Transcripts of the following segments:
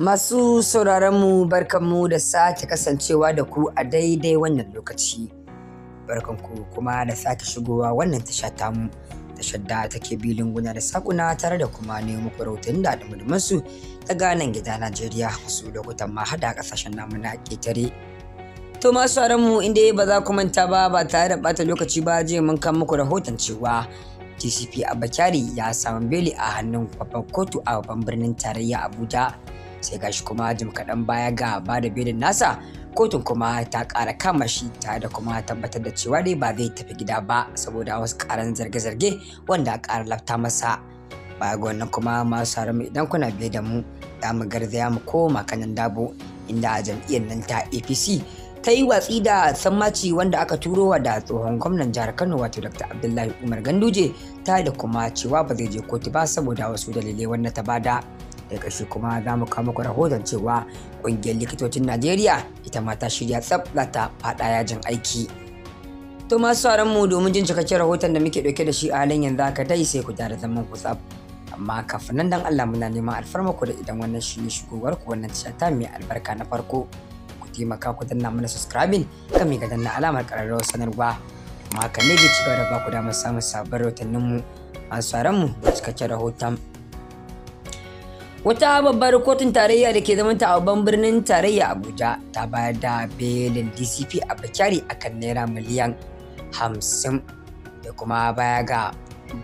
Masu sauraronmu barkanmu da sake kasancewa da ku a daidai wannan lokaci. Barkanku kuma da sake shigowa wannan tasha tamu, tashar da take bilin guna da sakuna tare da kuma nemo rahoton da su ta ganan gida Najeriya wasu lokutan ma hada kasashen namu na ƙetare. To masu mu inda ba za ku manta ba ba tare da bata lokaci ba je mun kan muku rahoton cewa TCP bakari ya samu beli a hannun babban kotu a babban birnin tarayya Abuja. sai gashi kuma jim kaɗan baya ga ba da belin nasa kotun kuma ta ƙara kama shi tare da kuma tabbatar da cewa dai ba zai tafi gida ba saboda wasu ƙaran zarge-zarge wanda ƙara lafta masa baya ga wannan kuma masu mu idan kuna biye da mu za mu garzaya mu koma kanan dabo inda jam'iyyar nan ta apc ta yi watsi da sammaci wanda aka turo wa da tsohon gwamnan jihar kano wato dr abdullahi umar ganduje ta da kuma cewa ba zai je kotu ba saboda wasu dalilai wanda ta bada da ƙarshe kuma za mu kawo muku rahoton cewa ƙungiyar likitocin najeriya ita ma ta shirya tsaf za ta faɗa yajin aiki to masu sauran mu domin jin cikakken rahoton da muke ɗauke da shi a halin yanzu haka dai sai ku tare zaman ku tsaf amma kafin nan dan Allah muna neman alfarma ku da idan wannan shi ne shigowar ku wannan tasha ta mai albarka na farko ku taimaka ku danna mana subscribing kan mai ga danna alamar ƙararrawar sanarwa amma hakan ne da ba ku damar samun sabbin rahotannin mu masu mu cikakken rahoton wata babbar kotun tarayya da ke zaman a babban birnin tarayya abuja ta bayar da belin dcp a bakari akan naira miliyan hamsin da kuma baya ga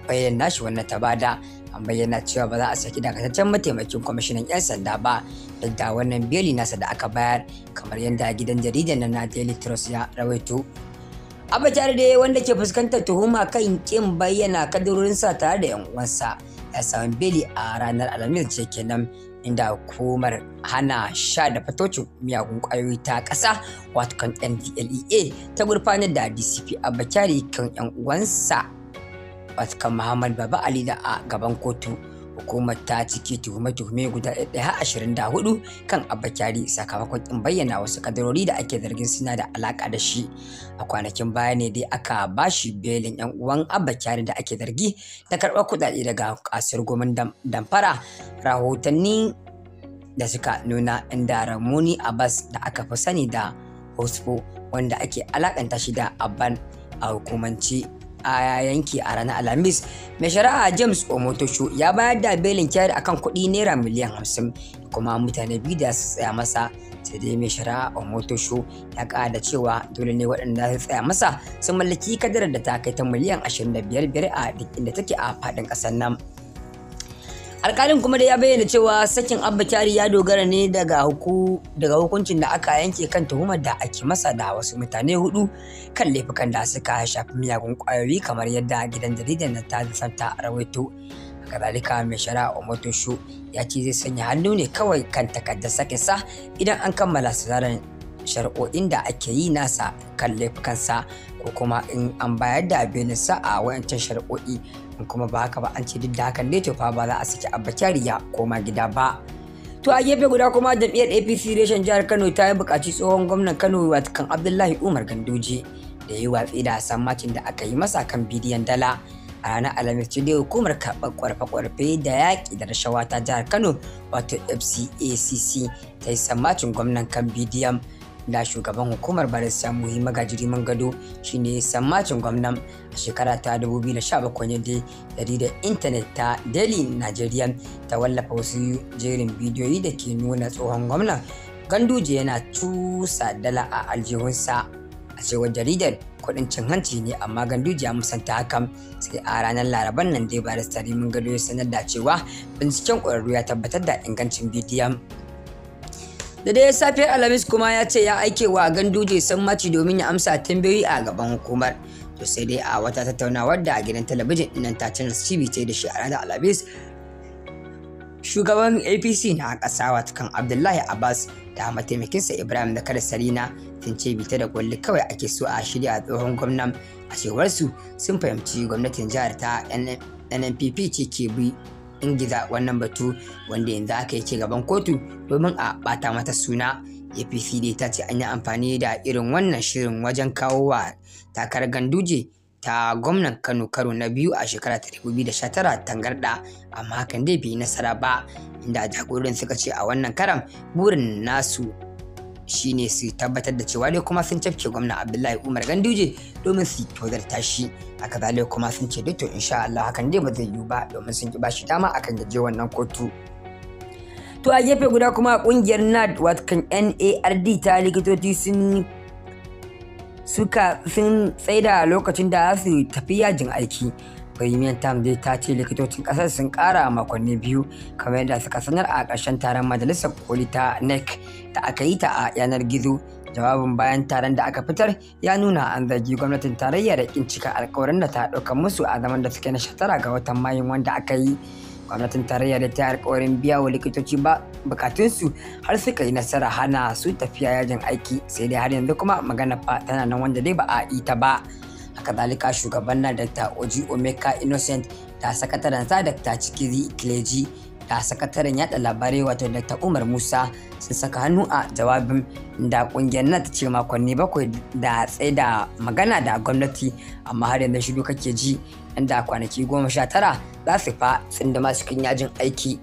bayan nashi wannan ta bada an bayyana cewa ba za a saki dakataccen mataimakin kwamishinan 'yan sanda ba duk da wannan beli nasa da aka bayar kamar yadda gidan jaridar na daily trust ya rawaito abba da wanda ke fuskantar tuhuma kan kin bayyana kadarorinsa tare da 'yan uwansa ya a ranar alhamis ce kenan inda hukumar hana sha da fatocin miyagun kwayoyi ta ƙasa wato kan ndlea ta gurfanar da dcp a bakari kan 'yan uwansa wato kan muhammad baba ali da a gaban kotu hukumar ta ciki tuhume-tuhume guda ɗaya ashirin da hudu kan abba kyari sakamakon in bayyana wasu kadarori da ake zargin suna da alaka da shi a kwanakin baya ne dai aka bashi belin yan uwan abba kyari da ake zargi da karɓar kuɗaɗe daga kasar gomin damfara rahotanni da suka nuna inda ramuni abbas da aka fi sani da hospo wanda ake alakanta shi da abban a hukumance. a yanki a ranar alhamis mai shari'a james omotosho ya bayar da belin kyari akan kuɗi naira miliyan hamsin kuma mutane biyu da su tsaya masa sai dai mai shari'a omotosho ya ƙara cewa dole ne waɗanda su tsaya masa sun mallaki kadarar da ta kai ta miliyan 25 a duk inda take a faɗin ƙasar nan. alkalin kuma dai ya bayyana cewa sakin abba kyari ya dogara ne daga hukuncin da aka yanke kan tuhumar da ake masa da wasu mutane hudu kan laifukan da suka shafi miyagun kwayoyi kamar yadda gidan jaridar na ta santa rawaito kazalika mai shari'a Umaru Shu ya ce zai sanya hannu ne kawai kan takardar sa idan an kammala sauraron shari'o'in da ake yi nasa kan laifukansa ko kuma in an bayar da abin sa a wayancan shari'o'i in kuma ba haka ba an ce duk da hakan ne to fa ba za a saki abba kyariya ma gida ba to a gefe guda kuma jam'iyyar apc reshen jihar kano ta yi buƙaci tsohon gwamnan kano watakan abdullahi umar gandoji da yi watsi da sammacin da aka yi masa kan bidiyon dala a ranar alhamis ta hukumar karɓar kwarfe-kwarfe da yaƙi da rashawa ta jihar kano wato fcacc ta yi sammacin gwamnan kan bidiyon da shugaban hukumar barista muhi magajiri man gado shine sammacin gwamnan a shekara ta 2017 yadda jaridar intanet ta daily nigeria ta wallafa wasu jerin bidiyoyi da ke nuna tsohon gwamnan ganduje yana cusa dala a aljihunsa a cewar jaridar kudin cin hanci ne amma ganduje ya musanta hakan sai a ranar laraban nan dai barista rimin gado ya sanar da cewa binciken ƙwararru ya tabbatar da ingancin bidiyon da dai safiyar alhamis kuma ya ce ya aike wa ganduje maci domin ya amsa tambayoyi a gaban hukumar to sai dai a wata tattaunawa da a gidan talabijin nan ta cin cibi ce da shi a ranar alhamis shugaban apc na ƙasa kan abdullahi abbas da mataimakinsa ibrahim da kada salina sun ce bita da kulli kawai ake so a shirya a tsohon gwamnan a cewarsu sun fahimci gwamnatin jihar ta nnpp ce ke bi ingiza wannan batu wanda yanzu aka yake gaban kotu domin a bata mata suna apc dai ta ce an yi amfani da irin wannan shirin wajen kawo wa takar ganduje ta gwamnan kano karo na biyu a shekara ta 2019 tangarda amma hakan dai bai nasara ba inda jagorin suka ce a wannan karan burin nasu shine su tabbatar da cewa dai kuma sun cafke gwamna Abdullahi Umar Ganduje domin su tozarta shi haka zalai kuma sun ce to insha Allah hakan dai ba zai yiwu ba domin sun ki bashi dama akan gaje wannan kotu to a gefe guda kuma kungiyar NAD watakan NARD ta likitoci sun suka sun tsaida lokacin da su tafi yajin aiki bohemian tam dai ta ce likitocin kasar sun kara makonni biyu kamar yadda suka sanar a ƙarshen taron majalisar koli ta nec da aka yi ta a yanar gizo jawabin bayan taron da aka fitar ya nuna an zargi gwamnatin tarayya da kin cika alkawarin da ta ɗauka musu a zaman da suke na shatara ga watan mayun wanda aka yi gwamnatin tarayya da ta yi alkawarin biya wa likitoci ba bukatunsu har suka yi nasara hana su tafiya yajin aiki sai dai har yanzu kuma magana fa tana nan wanda dai ba a yi ta ba. haka zalika shugaban na dr oji omeka innocent da sakataren sa dr cikiri kleji da sakataren yada labarai wato dr umar musa sun saka hannu a jawabin da kungiyar na ta ce makonni bakwai da tsaye da magana da gwamnati amma har yanzu shi shiru ke ji inda kwanaki goma sha tara za su fa tsinda cikin yajin aiki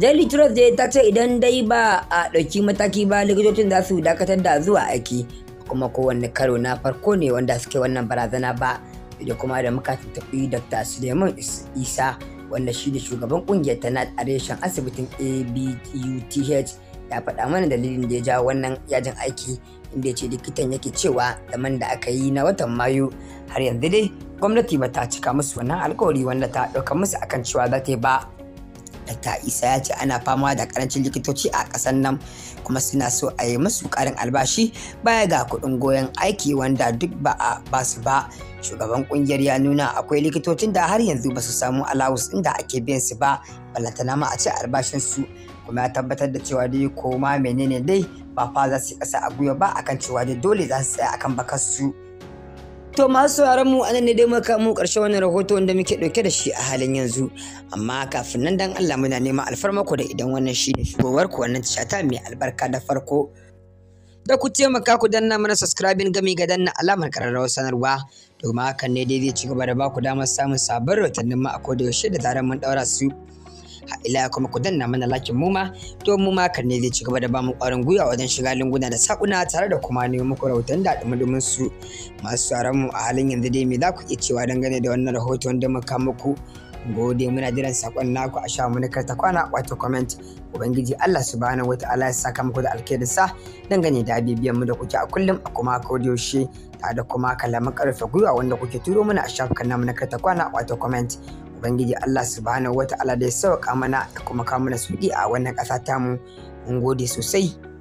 daily trust dai ta ce idan dai ba a ɗauki mataki ba likitocin za su dakatar da zuwa aiki kuma kowanne karo na farko ne wanda suke wannan barazana ba da kuma da muka tafi dr suleiman isa wanda shi ne shugaban kungiyar ta a reshen asibitin ABUTH, ya faɗa mana dalilin da ya ja wannan yajin aiki inda ya ce likitan yake cewa zaman da aka yi na watan mayu har yanzu dai gwamnati ba ta cika musu wannan alkawari wanda ta ɗauka musu akan cewa za ta yi ba Dr. Isa ya ce ana fama da karancin likitoci a ƙasar nan kuma suna so a yi musu karin albashi baya ga kuɗin goyon aiki wanda duk ba a basu ba. Shugaban ƙungiyar ya nuna akwai likitocin da har yanzu ba su samu alawus inda ake biyan su ba, ballantana ma a ce su kuma ya tabbatar da cewa dai koma menene dai ba fa za su ƙasa a gwiwa ba akan cewa dai dole za su tsaya akan bakar su. To masu sauraron mu anan ne dai maka mu karshe wannan rahoto wanda muke dauke da shi a halin yanzu. Amma kafin nan dan Allah muna nema alfarmako da idan wannan shi ne shigowar ku wannan tashata mai albarka da farko. Da ku taimaka ku danna mana subscribing gami ga danna alamar ƙararrawar sanarwa. Domin hakan ne dai zai ci gaba da ba ku damar samun sabbin rahotannin ma a koda yaushe da zarar mun daura su. ila kuma ku danna mana lakin muma to muma kan ne zai ci gaba da bamu kwarin gwiwa wajen shiga lunguna da sakuna tare da kuma ne muku rahoton da dumudumin su masu tsaron mu a halin yanzu dai me za ku iya cewa dangane da wannan rahoton da muka muku gode muna jiran sakon naku a sha muni ta kwana wato comment ubangiji Allah subhanahu wataala ya saka muku da sa dangane da bibiyan mu da kuke a kullum a kuma yaushe tare da kuma kalamin karfa gwiwa wanda kuke turo mana a shafukan namu na ta kwana wato comment ubangiji Allah subhanahu ta'ala da ya sauka mana da kuma kawo mana sauki a wannan ƙasa tamu mun gode sosai